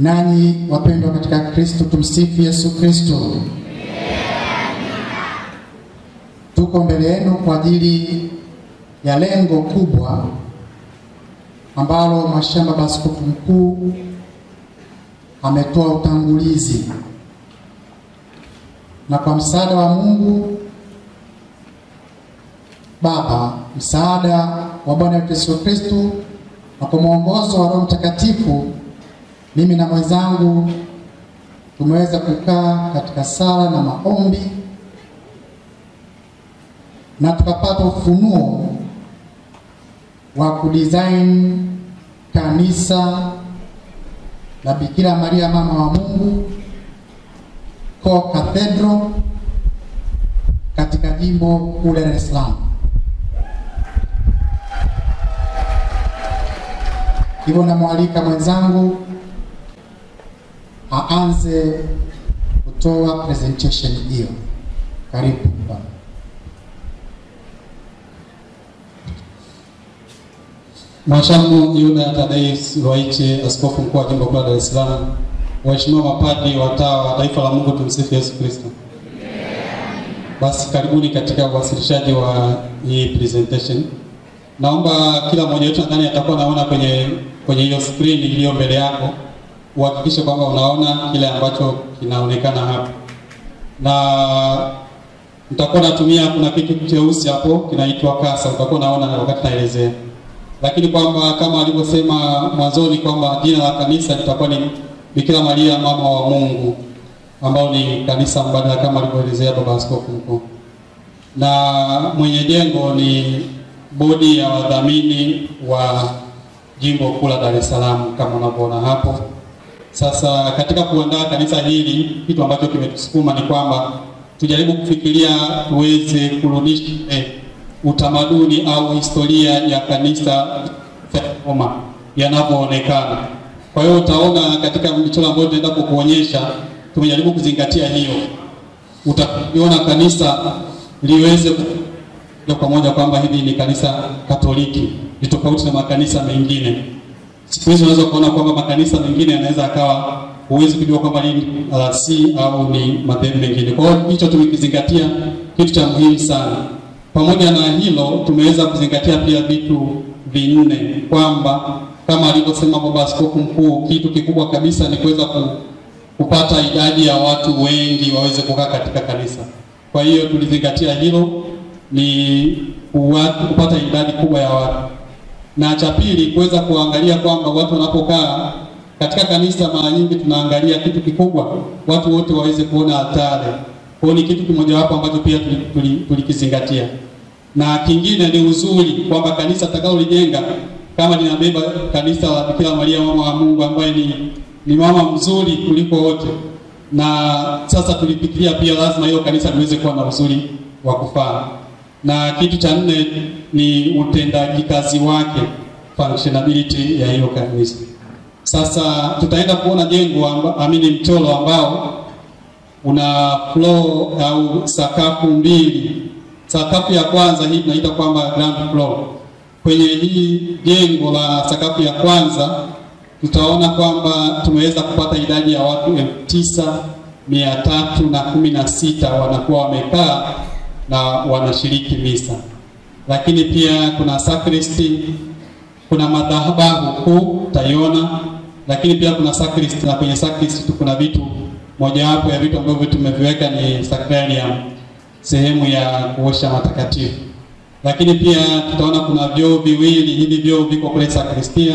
Nanyi wapendwa katika Kristo, tumsifu Yesu Kristo. Tuko mbele yenu kwa ajili ya lengo kubwa ambalo mashamba Baskofu mkuu ametoa utangulizi, na kwa msaada wa Mungu Baba, msaada wa Bwana Yesu Kristo na kwa mwongozo wa Roho Mtakatifu mimi na mwenzangu tumeweza kukaa katika sala na maombi na tukapata ufunuo wa kudesign kanisa la Bikira Maria mama wa Mungu ko cathedral katika jimbo kule Dar es Salaam. Hivyo namwalika mwenzangu aanze kutoa presentation hiyo. Karibu baba. Mwashamu Yume Atadeus Ruwaichi, askofu mkuu wa jimbo kuu la Dar es Salaam, waheshimiwa mapadri, watawa, taifa la Mungu, tumsifu Yesu Kristo. Basi karibuni katika uwasilishaji wa hii presentation. Naomba kila mmoja wetu nadhani atakuwa naona kwenye kwenye hiyo screen iliyo mbele yako uhakikishe kwamba unaona kile ambacho kinaonekana hapa, na nitakuwa natumia, kuna kitu cheusi hapo kinaitwa kasa, utakuwa unaona wakati naelezea, lakini kwamba kama alivyosema mwanzoni kwamba jina la kanisa litakuwa ni Bikira Maria mama wa Mungu, ambao ni kanisa mbadala kama alivyoelezea baba askofu mkuu, na mwenye jengo ni bodi ya wadhamini wa jimbo kuu la Dar es Salaam kama unavyoona hapo. Sasa katika kuandaa kanisa hili, kitu ambacho kimetusukuma ni kwamba tujaribu kufikiria tuweze kurudisha eh, utamaduni au historia ya kanisa Roma yanavyoonekana. Kwa hiyo utaona katika michoro ambayo tutaenda kukuonyesha, tumejaribu kuzingatia hiyo. Utaona kanisa liweze kwa moja kwamba hili ni kanisa Katoliki, ni tofauti na makanisa mengine. Siku hizi unaweza kuona kwamba makanisa mengine yanaweza akawa huwezi kujua kwamba ni RC uh, au ni madhehebu mengine. Kwa hiyo hicho tumekizingatia, kitu cha muhimu sana. Pamoja na hilo, tumeweza kuzingatia pia vitu vinne, kwamba kama alivyosema baba askofu mkuu, kitu kikubwa kabisa ni kuweza kupata idadi ya watu wengi waweze kukaa katika kanisa. Kwa hiyo tulizingatia hilo, ni kupata idadi kubwa ya watu na cha pili kuweza kuangalia kwamba watu wanapokaa katika kanisa, mara nyingi tunaangalia kitu kikubwa, watu wote waweze kuona hatari. Kwa ni kitu kimojawapo ambacho pia tulikizingatia tuli, tuli na kingine ni uzuri kwamba kanisa atakalolijenga kama linabeba kanisa la Bikira Maria mama wa Mungu ambaye ni, ni mama mzuri kuliko wote, na sasa tulifikiria pia lazima hiyo kanisa liweze kuwa na uzuri wa kufaa na kitu cha nne ni utendaji kazi wake, functionality ya hiyo kanisa. Sasa tutaenda kuona jengo amba, amini mchoro ambao una floor au sakafu mbili. Sakafu ya kwanza hii tunaita kwamba ground floor. Kwenye hii jengo la sakafu ya kwanza tutaona kwamba tumeweza kupata idadi ya watu elfu tisa mia tatu na kumi na sita wanakuwa wamekaa na wanashiriki misa, lakini pia kuna sakristi, kuna madhabahu kuu tayona, lakini pia kuna sakristi, na kwenye sakristi kuna vitu mojawapo ya vitu ambavyo tumeviweka ni sakrarium, sehemu ya kuosha matakatifu. Lakini pia tutaona kuna vyoo viwili, hivi vyoo viko kule sakristia.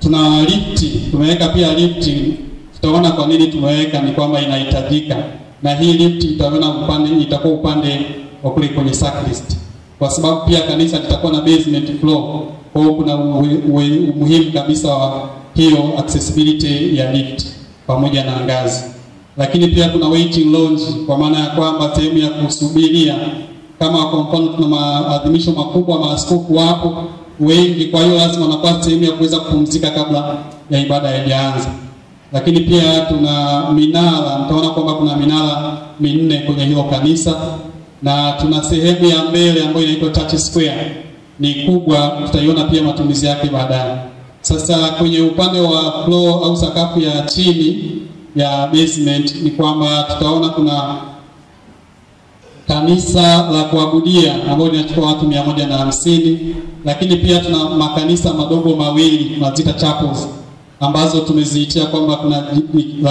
Tuna lifti, tumeweka pia lifti. Tutaona kwa nini tumeweka, ni kwamba inahitajika, na hii lifti itaona upande, itakuwa upande wa kule kwenye sacrist kwa sababu pia kanisa litakuwa na basement floor. Kwa hiyo kuna umuhimu kabisa wa hiyo accessibility ya lift pamoja na ngazi, lakini pia kuna waiting lounge, kwa maana ya kwamba sehemu ya kusubiria. Kama kwa mfano tuna maadhimisho makubwa, maaskofu wapo wengi, kwa hiyo lazima wanakuwa sehemu ya kuweza kupumzika kabla ya ibada haijaanza. Lakini pia tuna minara, mtaona kwamba kuna minara minne kwenye hilo kanisa na tuna sehemu ya mbele ambayo inaitwa touch square, ni kubwa, tutaiona pia matumizi yake baadaye. Sasa kwenye upande wa floor au sakafu ya chini ya basement ni kwamba tutaona kuna kanisa la kuabudia ambalo linachukua watu mia moja na hamsini, lakini pia tuna makanisa madogo mawili tunaziita chapels ambazo tumeziitia kwamba kuna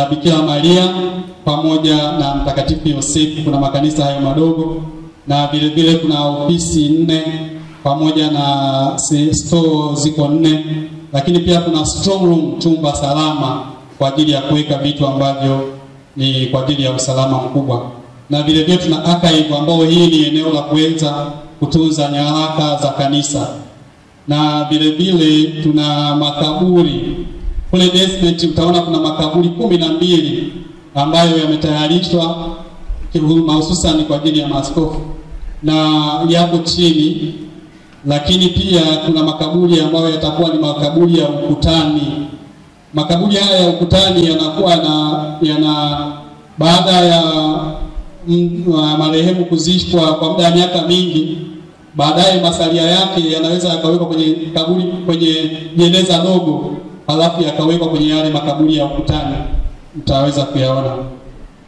Bikira Maria pamoja na Mtakatifu Yosefu, kuna makanisa hayo madogo, na vile vile kuna ofisi nne pamoja na store ziko nne, lakini pia kuna strong room, chumba salama kwa ajili ya kuweka vitu ambavyo ni kwa ajili ya usalama mkubwa, na vile vile tuna archive ambao hii ni eneo la kuweza kutunza nyaraka za kanisa, na vile vile tuna makaburi kule basement utaona kuna makaburi kumi na mbili ambayo yametayarishwa mahususan kwa ajili ya maaskofu na yako chini, lakini pia kuna makaburi ambayo yatakuwa ni makaburi ya ukutani. Makaburi haya ya ukutani yanakuwa na yana baada ya marehemu kuzishwa kwa muda wa miaka mingi, baadaye masalia yake yanaweza yakawekwa kwenye kaburi kwenye jeneza dogo halafu yakawekwa kwenye yale makaburi ya ukutani, mtaweza kuyaona.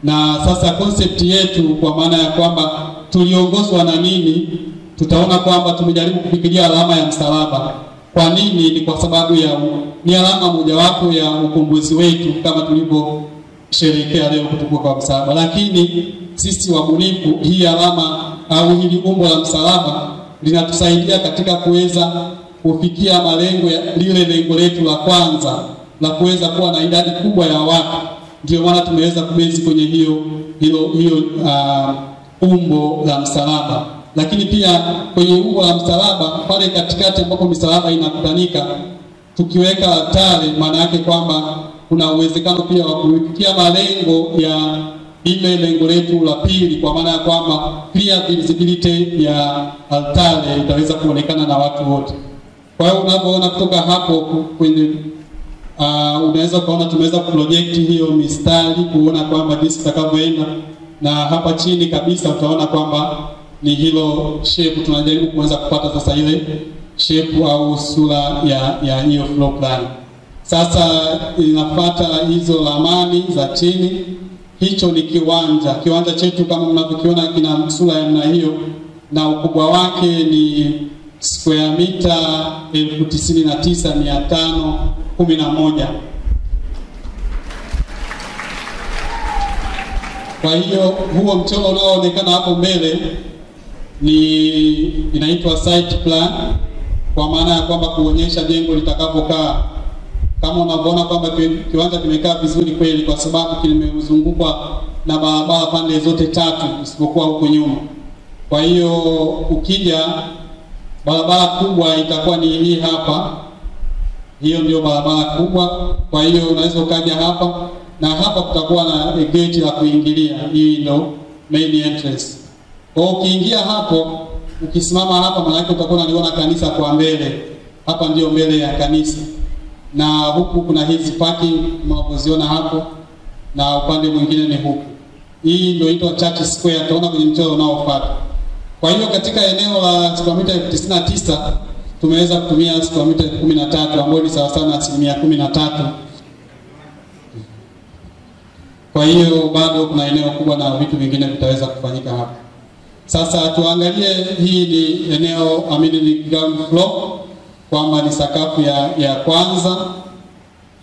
Na sasa konsepti yetu, kwa maana ya kwamba tuliongozwa na nini, tutaona kwamba tumejaribu kufikiria alama ya msalaba. Kwa nini? Ni kwa sababu ya ni alama mojawapo ya ukombozi wetu, kama tulivyo sherehekea leo kutukua kwa msalaba. Lakini sisi wabunifu, hii alama au hili umbo la msalaba linatusaidia katika kuweza kufikia malengo lile lengo letu la kwanza la kuweza kuwa na idadi kubwa ya watu. Ndio maana tumeweza kubezi kwenye hiyo hiyo hiyo uh, ah, umbo la msalaba, lakini pia kwenye umbo la msalaba pale katikati ambapo misalaba inakutanika tukiweka altare, maana yake kwamba kuna uwezekano pia wa kufikia malengo ya ile lengo letu la pili, kwa maana ya kwamba pia visibility ya altare itaweza kuonekana na watu wote. Kwa hiyo unavyoona kutoka hapo kwenye uh, unaweza ukaona tumeweza kuproject hiyo mistari kuona kwamba jinsi itakavyoenda, na hapa chini kabisa utaona kwamba ni hilo shape tunajaribu kuanza kupata sasa ile shape au sura ya ya hiyo floor plan. Sasa inafuata hizo ramani za chini. Hicho ni kiwanja. Kiwanja chetu kama mnavyokiona kina sura ya namna hiyo, na ukubwa wake ni square mita 99511. Kwa hiyo huo mchoro unaoonekana hapo mbele ni inaitwa site plan, kwa maana ya kwamba kuonyesha jengo litakapokaa. Kama unavyoona kwamba kiwanja kimekaa vizuri kweli, kwa sababu kimezungukwa na barabara pande zote tatu isipokuwa huko nyuma. Kwa hiyo ukija Barabara kubwa itakuwa ni hii hapa, hiyo ndio barabara kubwa. Kwa hiyo unaweza ukaja hapa na hapa kutakuwa na gate la kuingilia, hii ndio main entrance. Kwa ukiingia hapo, ukisimama hapa, maana utakuwa unaliona kanisa kwa mbele. Hapa ndio mbele ya kanisa, na huku kuna hizi parking mnazoziona hapo, na upande mwingine ni huku. Hii ndio inaitwa Church Square, utaona kwenye mchoro unaofuata. Kwa hiyo katika eneo la square 99 elfu tisini na tisa tumeweza kutumia square mita elfu kumi na tatu ambayo ni sawa sana asilimia kumi na tatu. Kwa hiyo bado kuna eneo kubwa na vitu vingine vitaweza kufanyika hapa. Sasa tuangalie hii ni eneo amini, ni ground floor kwamba ni sakafu ya, ya kwanza.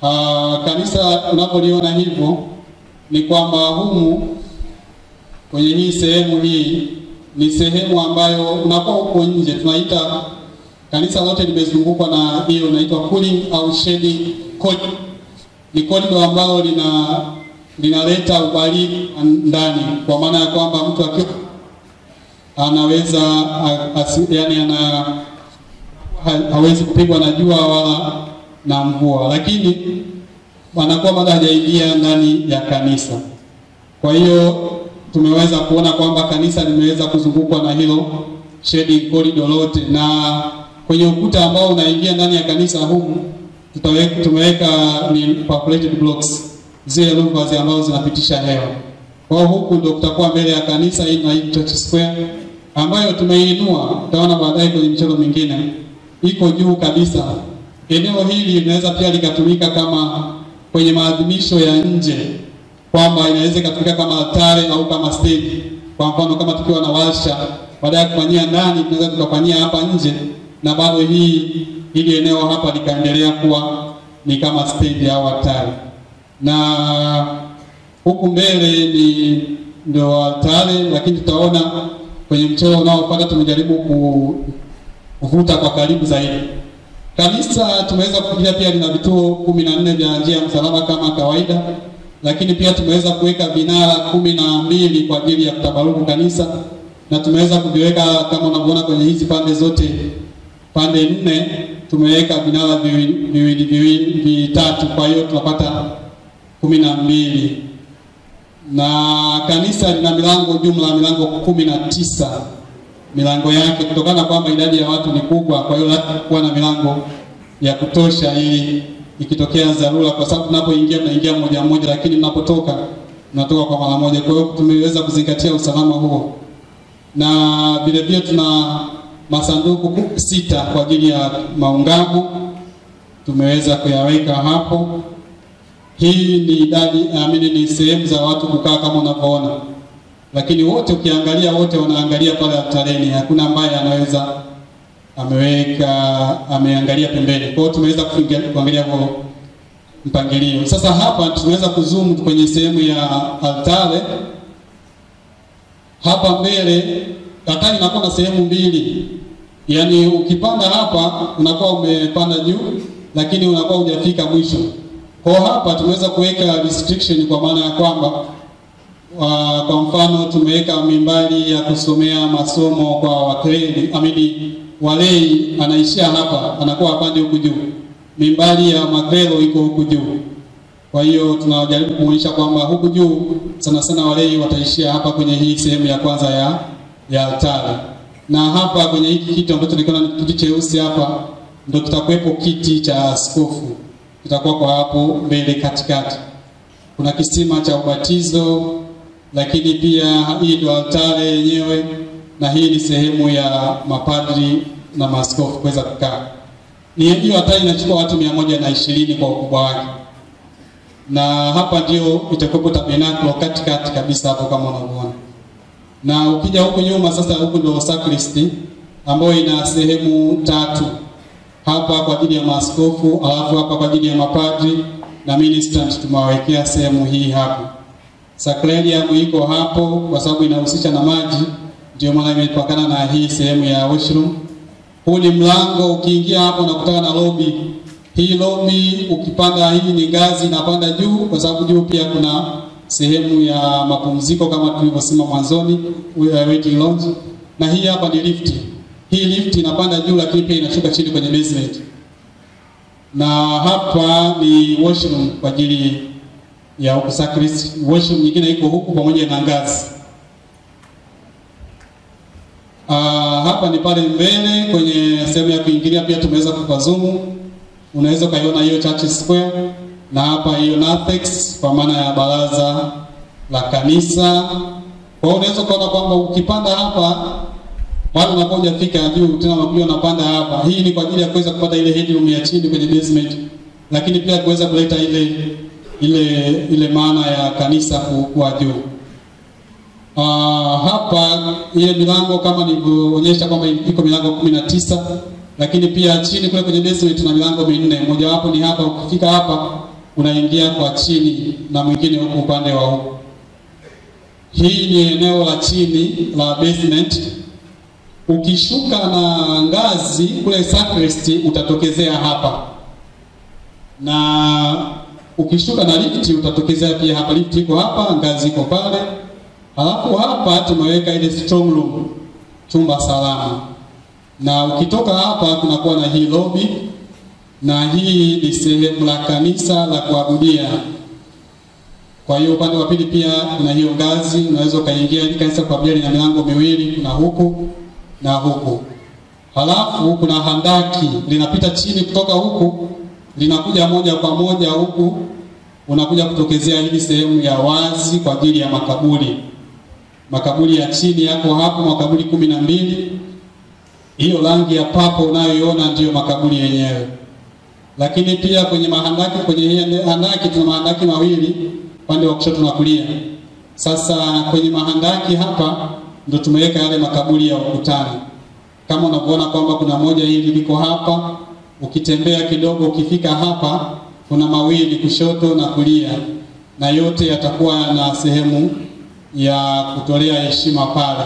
Aa, ah, kanisa unapoliona hivyo ni kwamba humu kwenye hii sehemu hii ni sehemu ambayo unakuwa huko nje, tunaita kanisa lote limezungukwa na hiyo inaitwa cooling au shade corridor. Ni corridor ambalo lina linaleta ubaridi ndani, kwa maana ya kwamba mtu akiwa anaweza as, yani ana hawezi kupigwa na jua wala na mvua, lakini anakuwa bado hajaingia ndani ya kanisa. Kwa hiyo tumeweza kuona kwamba kanisa limeweza kuzungukwa na hilo shedi corridor lote, na kwenye ukuta ambao unaingia ndani ya kanisa humu tutaweka, tumeweka ni perforated blocks, zile louvers ambazo zinapitisha hewa. Kwa huku ndio kutakuwa mbele ya kanisa, hii na church square ambayo tumeinua, utaona baadaye kwenye michoro mingine, iko juu kabisa. Eneo hili linaweza pia likatumika kama kwenye maadhimisho ya nje kwamba inaweza ikatumika kama hatari au kama stage. Kwa mfano kama tukiwa na washa, baada ya kufanyia ndani, tunaweza tukafanyia hapa nje, na bado hii hili eneo hapa likaendelea kuwa ni kama stage au hatari. na huku mbele ni ndio hatari, lakini tutaona kwenye mchoro unaofuata tumejaribu kuvuta kwa karibu zaidi. Kanisa tumeweza kufikia pia lina vituo kumi na nne vya njia ya msalaba kama kawaida lakini pia tumeweza kuweka binara kumi na mbili kwa ajili ya kutabaruku kanisa na tumeweza kuviweka kama unavyoona kwenye hizi pande zote, pande nne tumeweka binara viwili viwili vitatu, kwa hiyo tunapata kumi na mbili na kanisa lina milango jumla milango kumi na tisa milango yake, kutokana kwamba idadi ya watu ni kubwa, kwa hiyo lazima kuwa na milango ya kutosha ili ikitokea dharura, kwa sababu tunapoingia tunaingia moja moja, lakini tunapotoka tunatoka kwa mara moja. Kwa hiyo tumeweza kuzingatia usalama huo, na vile vile tuna masanduku sita kwa ajili ya maungamo tumeweza kuyaweka hapo. Hii ni idadi amini, ni sehemu za watu kukaa kama unavyoona, lakini wote ukiangalia, wote wanaangalia pale altareni, hakuna ambaye anaweza ameweka ameangalia pembeni. Kwa hiyo tumeweza kuangalia kwa mpangilio. Sasa hapa tunaweza kuzoom kwenye sehemu ya altare. Hapa mbele altare inakuwa na sehemu mbili, yaani ukipanda hapa unakuwa umepanda juu, lakini unakuwa hujafika mwisho. Kwa hapa tumeweza kuweka restriction kwa maana ya kwamba uh, kwa mfano tumeweka mimbari ya kusomea masomo kwa wakredi amini walei anaishia hapa, anakuwa apande huku juu, mimbari ya magrelo iko huku juu. Kwa hiyo tunajaribu kuonyesha kwamba huku juu sana sana walei wataishia hapa kwenye hii sehemu ya kwanza ya ya altari, na hapa kwenye hiki kitu ambacho nikiona kitu cheusi hapa, ndio kitakuwepo kiti cha askofu, kitakuwa kwa hapo mbele katikati. Kuna kisima cha ubatizo, lakini pia hii ndio altari yenyewe na hii ni sehemu ya mapadri na maskofu kuweza kukaa. Ni hiyo hatari inachukua watu mia moja na ishirini kwa ukubwa wake, na hapa ndio itakuwepo tabernakulo katikati kabisa hapo kama unavyoona, na ukija huku nyuma sasa, huku ndio sakristi ambayo ina sehemu tatu, hapa kwa ajili ya maaskofu, alafu hapa kwa ajili ya mapadri na ministrant tumewawekea sehemu hii hapo. Sakraliamu iko hapo kwa sababu inahusisha na maji ndio maana imepakana na hii sehemu ya washroom. Huu ni mlango, ukiingia hapo unakutana na lobby. Hii lobby ukipanda, hii ni ngazi inapanda juu, kwa sababu juu pia kuna sehemu ya mapumziko kama tulivyosema mwanzoni, waiting lounge, na hii hapa ni lift. Hii lift inapanda juu, lakini pia inashuka chini kwenye basement, na hapa ni washroom kwa ajili ya ukusakristi. Washroom nyingine iko huku pamoja na ngazi. Uh, hapa ni pale mbele kwenye sehemu ya kuingilia pia tumeweza kupazumu, unaweza ukaiona hiyo Church Square na hapa hiyo Nathex kwa maana ya baraza la kanisa. Kwa unaweza kuona kwamba ukipanda hapa bado wanakuja fika juu tena unakuja unapanda hapa. Hii ni kwa ajili ya kuweza kupata ile headroom ya chini kwenye basement, lakini pia kuweza kuleta ile ile ile maana ya kanisa kuwa juu. Uh, hapa ile milango kama nilivyoonyesha kwamba iko milango kumi na tisa lakini pia chini kule kwenye basement tuna milango minne, mojawapo ni hapa. Ukifika hapa unaingia kwa chini na mwingine huko upande wa huko. Hii ni eneo la chini la basement. Ukishuka na ngazi kule sacrest utatokezea hapa, na ukishuka na lifti utatokezea pia hapa. Lifti iko hapa, ngazi iko pale Alafu hapa tumeweka ile strong room, chumba salama, na ukitoka hapa tunakuwa na hii lobby, na hii ni sehemu la kanisa la kuabudia. Kwa hiyo upande wa pili pia kuna hiyo ngazi, unaweza ukaingia ili kanisa kuabudia, lina milango miwili, kuna huku na huku. Halafu kuna handaki linapita chini kutoka huku linakuja moja kwa moja huku unakuja kutokezea hili sehemu ya wazi kwa ajili ya makaburi. Makaburi ya chini yako hapo, makaburi kumi na mbili. Hiyo rangi ya papo unayoiona ndiyo makaburi yenyewe. Lakini pia kwenye mahandaki, kwenye handaki tuna mahandaki mawili upande wa kushoto na kulia. Sasa kwenye mahandaki hapa ndo tumeweka yale makaburi ya ukutani, kama unavyoona kwamba kuna moja hili liko hapa. Ukitembea kidogo, ukifika hapa, kuna mawili kushoto na kulia, na yote yatakuwa na sehemu ya kutolea heshima pale.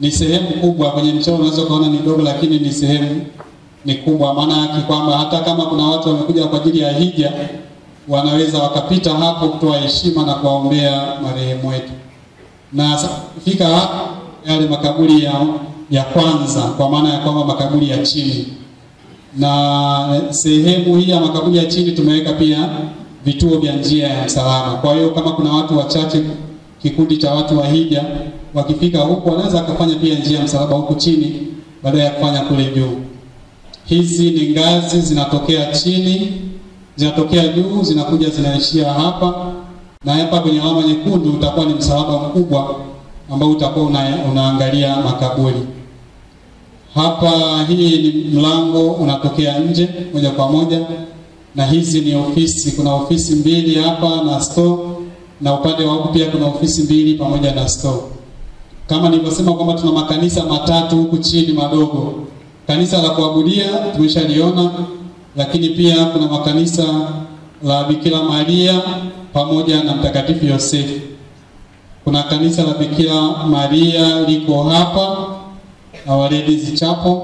Ni sehemu kubwa kwenye mchoro, unaweza kuona ni dogo, lakini ni sehemu ni kubwa. Maana yake kwamba hata kama kuna watu wamekuja kwa ajili ya hija, wanaweza wakapita hapo kutoa heshima na kuwaombea marehemu wetu. Na fika hapo yale makaburi ya, ya kwanza, kwa maana ya kwamba makaburi ya chini, na eh, sehemu hii ya makaburi ya chini tumeweka pia vituo vya njia ya msalaba. Kwa hiyo kama kuna watu wachache kikundi cha watu wa hija wakifika huku wanaweza akafanya pia njia ya msalaba huku chini baadae ya kufanya kule juu. Hizi ni ngazi zinatokea chini, zinatokea juu, zinakuja zinaishia hapa, na hapa kwenye alama nyekundu utakuwa ni msalaba mkubwa ambao utakuwa una, unaangalia makaburi. Hapa hii ni mlango unatokea nje moja kwa moja, na hizi ni ofisi. Kuna ofisi mbili hapa na store na upande wa huku pia kuna ofisi mbili pamoja na store. Kama nilivyosema kwamba tuna makanisa matatu huku chini madogo, kanisa la kuabudia tumeshaliona, lakini pia kuna makanisa la Bikira Maria pamoja na Mtakatifu Yosefu. Kuna kanisa la Bikira Maria liko hapa Our Lady's Chapel,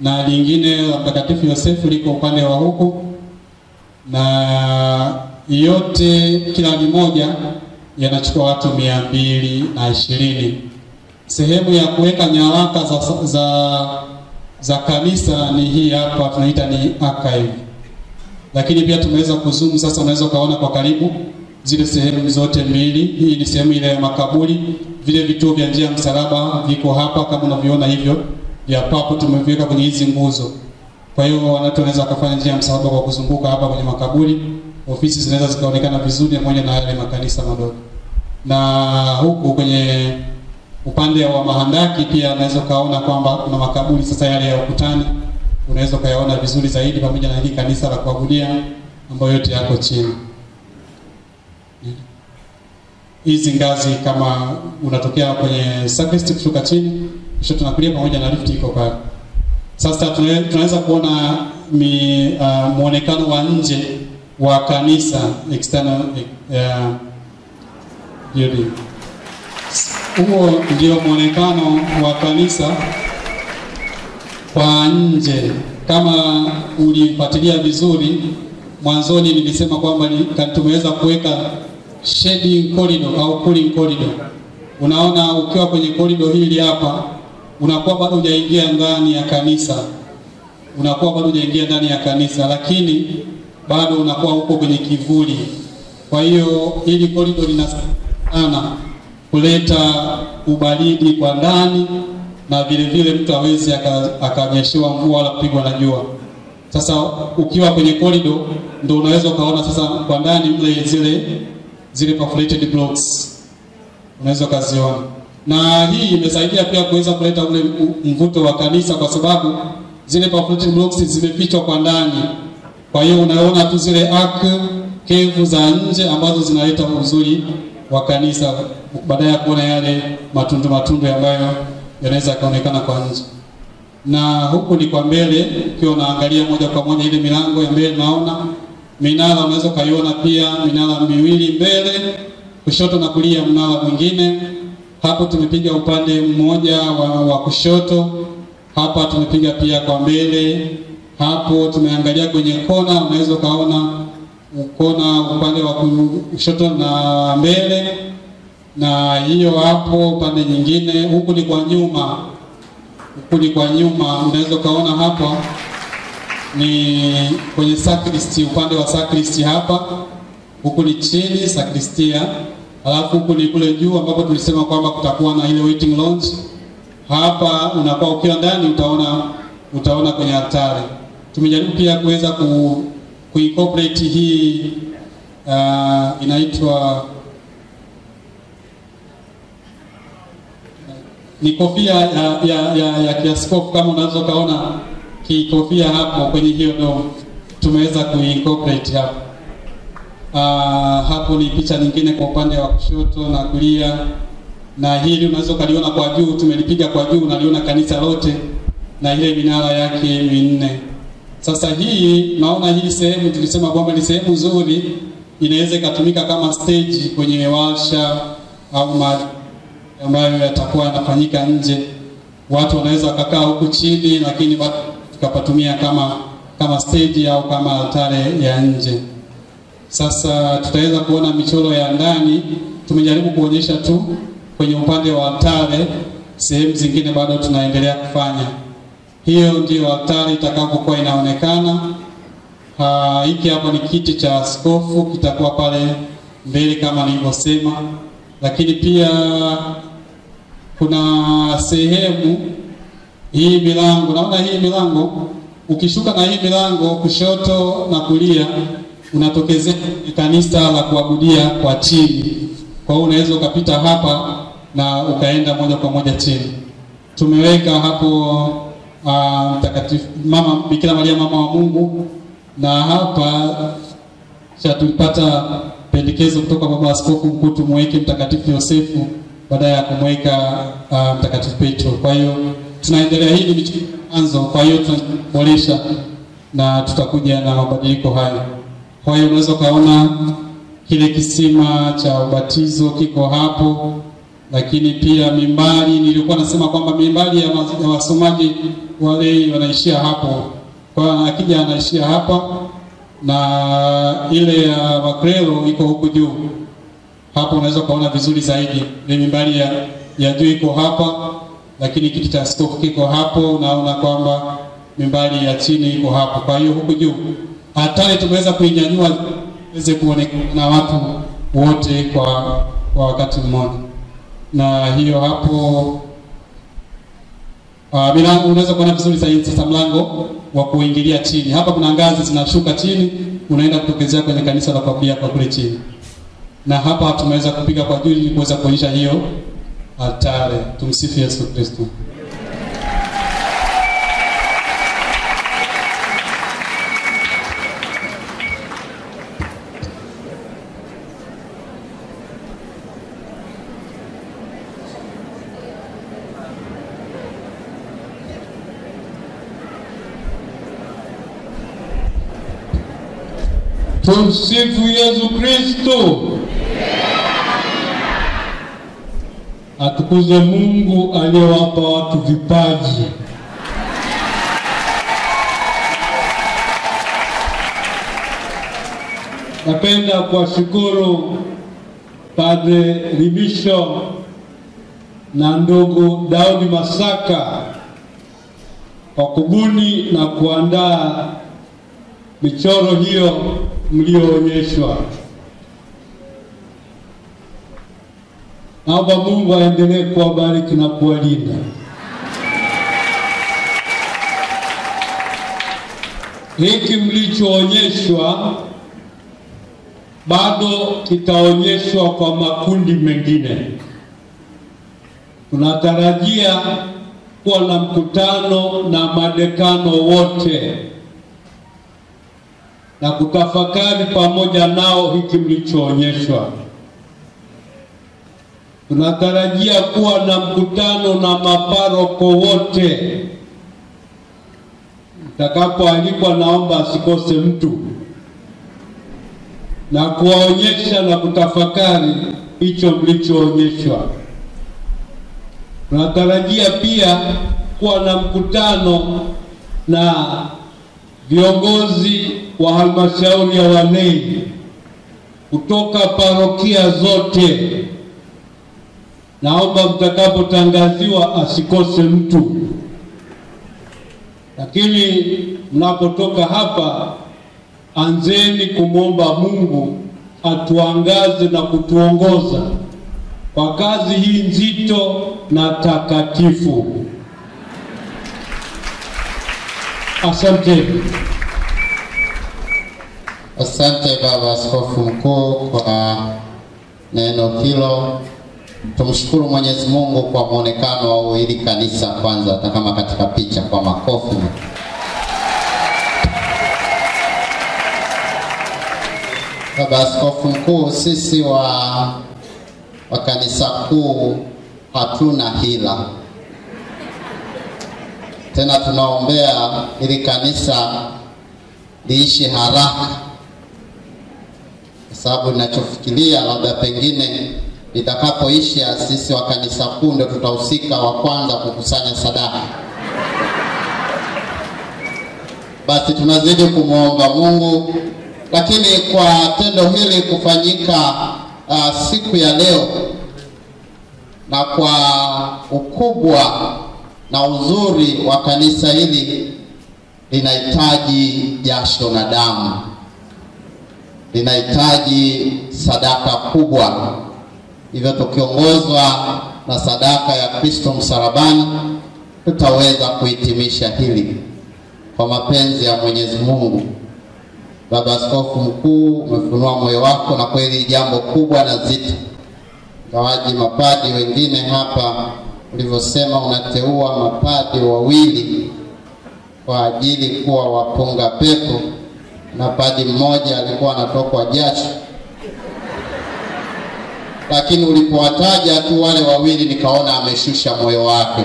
na lingine la Mtakatifu Yosefu liko upande wa huku na yote kila moja yanachukua watu mia mbili na ishirini. Sehemu ya kuweka nyaraka za, za, za kanisa ni hii hapa, tunaita ni archive, lakini pia tumeweza kuzoom sasa, unaweza ukaona kwa karibu zile sehemu zote mbili. Hii ni sehemu ile ya makaburi, vile vituo vya njia msalaba viko hapa kama unavyoona hivyo, vya papo tumeviweka kwenye hizi nguzo. Kwa hiyo wanatu wanaweza wakafanya njia ya msalaba kwa kuzunguka hapa kwenye makaburi ofisi zinaweza zikaonekana vizuri pamoja na yale makanisa madogo. Na huku kwenye upande wa mahandaki pia unaweza ukaona kwamba kuna makaburi sasa yale ya ukutani, unaweza ukayaona vizuri zaidi, pamoja na hili kanisa la kuabudia ambayo yote yako chini hizi ngazi. Kama unatokea kwenye sakristi kushuka chini, kisha tunakulia pamoja na lifti iko pale. Sasa tunaweza kuona mi, uh, muonekano wa nje wa kanisa external eh, building. Huo ndio mwonekano wa kanisa kwa nje. Kama ulifuatilia vizuri, mwanzoni nilisema kwamba tumeweza kuweka shading corridor au cooling corridor. Unaona, ukiwa kwenye corridor hili hapa, unakuwa bado hujaingia ndani ya kanisa, unakuwa bado hujaingia ndani ya kanisa, lakini bado unakuwa huko kwenye kivuli. Kwa hiyo ili korido linasana kuleta ubaridi kwa ndani na vile vile mtu hawezi akanyeshewa mvua wala kupigwa na jua. Sasa ukiwa kwenye korido ndo unaweza ukaona sasa kwa ndani mle zile zile perforated blocks unaweza ukaziona, na hii imesaidia pia kuweza kuleta ule mvuto wa kanisa, kwa sababu zile perforated blocks zimefichwa kwa ndani kwa hiyo unaona tu zile ak kevu za nje ambazo zinaleta uzuri wa kanisa baada ya kuona yale matundu matundu ambayo yanaweza yakaonekana kwa nje. Na huku ni kwa mbele, ukiwa unaangalia moja kwa moja ile milango ya mbele, naona minara, unaweza kaiona pia minara miwili mbele, kushoto na kulia mnara mwingine. Hapo tumepiga upande mmoja wa, wa kushoto, hapa tumepiga pia kwa mbele hapo tumeangalia kwenye kona, unaweza ukaona kona upande wa kushoto na mbele, na hiyo hapo upande nyingine, huku ni kwa nyuma, huku ni kwa nyuma, unaweza ukaona hapa ni kwenye sakristi, upande wa sakristi hapa, huku ni chini sakristia, alafu huku ni kule juu ambapo tulisema kwamba kutakuwa na ile waiting lounge. Hapa unakuwa ukiwa ndani, utaona utaona kwenye altari. Tumejaribu pia kuweza ku, kuincorporate hii uh, inaitwa ni kofia ya, ya, ya, ya kiaskofu kama unaweza ukaona kikofia hapo kwenye hiyo domo tumeweza kuincorporate hapo. Uh, hapo ni picha nyingine kwa upande wa kushoto na kulia, na hili unaweza ukaliona kwa juu, tumelipiga kwa juu, unaliona kanisa lote na ile minara yake minne. Sasa hii naona hii sehemu tulisema kwamba ni sehemu nzuri, inaweza ikatumika kama stage kwenye washa au mali ambayo yatakuwa yanafanyika nje. Watu wanaweza wakakaa huku chini, lakini tukapatumia kama kama stage au kama altare ya nje. Sasa tutaweza kuona michoro ya ndani, tumejaribu kuonyesha tu kwenye upande wa altare, sehemu zingine bado tunaendelea kufanya hiyo ndio hatari itakapokuwa inaonekana. Hiki hapo ni kiti cha askofu, kitakuwa pale mbele kama nilivyosema, lakini pia kuna sehemu hii milango, naona hii milango, ukishuka na hii milango kushoto na kulia, unatokezea kanisa la kuabudia kwa chini. Kwa hiyo unaweza ukapita hapa na ukaenda moja kwa moja chini. Tumeweka hapo uh, mama Bikira Maria mama wa Mungu, na hapa tulipata pendekezo kutoka baba askofu mkuu tumweke mtakatifu Yosefu baada ya kumweka uh, mtakatifu Petro. Kwa hiyo tunaendelea, hii ni mwanzo, kwa hiyo tunaboresha na tutakuja na mabadiliko hayo. Kwa hiyo unaweza ukaona kile kisima cha ubatizo kiko hapo lakini pia mimbari, nilikuwa nasema kwamba mimbari ya, ya wasomaji wale wanaishia hapo, kwa akija anaishia hapa na ile ya makrelo iko huku juu. Hapo unaweza ukaona vizuri zaidi, ni mimbari ya, ya juu iko hapa, lakini kiti cha askofu kiko hapo. Unaona kwamba mimbari ya chini iko hapo, kwa hiyo huku juu hatari tumeweza kuinyanyua iweze kuonekana na watu wote kwa, kwa wakati mmoja na hiyo hapo. Uh, milango unaweza kuona vizuri zaidi sasa mlango wa kuingilia chini. Hapa kuna ngazi zinashuka chini, unaenda kutokezea kwenye kanisa la Kwabia kwa kule chini. Na hapa tumeweza kupiga kwa juu ili kuweza kuonyesha hiyo altare. Tumsifu Yesu Kristo. Tumsifu Yesu Kristo. Atukuze Mungu aliyewapa watu vipaji. Napenda kuwashukuru Padre Limisho na ndugu Daudi Masaka kwa kubuni na kuandaa michoro hiyo mlioonyeshwa. Baba Mungu aendelee kuwabariki na kuwalinda. Hiki mlichoonyeshwa bado kitaonyeshwa kwa makundi mengine. Tunatarajia kuwa na mkutano na madekano wote na kutafakari pamoja nao hiki mlichoonyeshwa. Tunatarajia kuwa na mkutano na maparoko wote. Mtakapoalikwa, naomba asikose mtu, na kuwaonyesha na kutafakari hicho mlichoonyeshwa. Tunatarajia pia kuwa na mkutano na viongozi wa halmashauri ya Wanende kutoka parokia zote, naomba mtakapotangaziwa asikose mtu, lakini mnapotoka hapa, anzeni kumwomba Mungu atuangaze na kutuongoza kwa kazi hii nzito na takatifu. asanteni Asante Baba Askofu Mkuu kwa neno hilo. Tumshukuru Mwenyezi Mungu kwa mwonekano wa hili kanisa, kwanza hata kama katika picha, kwa makofi. Baba Askofu Mkuu, sisi wa, wa kanisa kuu hatuna hila tena, tunaombea ili kanisa liishi haraka sababu ninachofikiria labda pengine litakapoisha, sisi wa kanisa kuu ndio tutahusika wa kwanza kukusanya sadaka. Basi tunazidi kumwomba Mungu, lakini kwa tendo hili kufanyika uh, siku ya leo na kwa ukubwa na uzuri wa kanisa hili linahitaji jasho na damu linahitaji sadaka kubwa. Hivyo tukiongozwa na sadaka ya Kristo msalabani, tutaweza kuhitimisha hili kwa mapenzi ya Mwenyezi Mungu. Baba Askofu Mkuu, umefunua moyo wako, na kweli jambo kubwa na zito. Ngawaji mapadi wengine hapa, ulivyosema unateua mapadi wawili kwa ajili kuwa wapunga pepo na padi mmoja alikuwa anatokwa jasho, lakini ulipowataja tu wale wawili nikaona ameshusha moyo wake.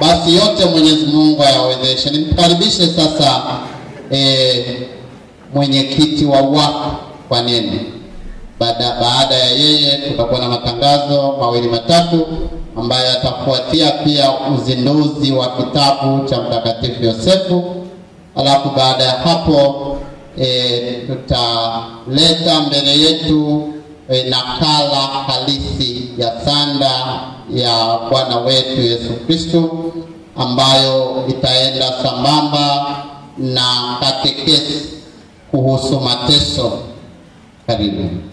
Basi yote Mwenyezi Mungu ayawezeshe. Nimkaribishe sasa e, mwenyekiti wa wako kwa nini baada, baada ya yeye tutakuwa na matangazo mawili matatu ambayo yatafuatia pia uzinduzi wa kitabu cha Mtakatifu Yosefu Alafu baada ya hapo e, tutaleta mbele yetu e, nakala halisi ya sanda ya Bwana wetu Yesu Kristo ambayo itaenda sambamba na katekesi kuhusu mateso. Karibu.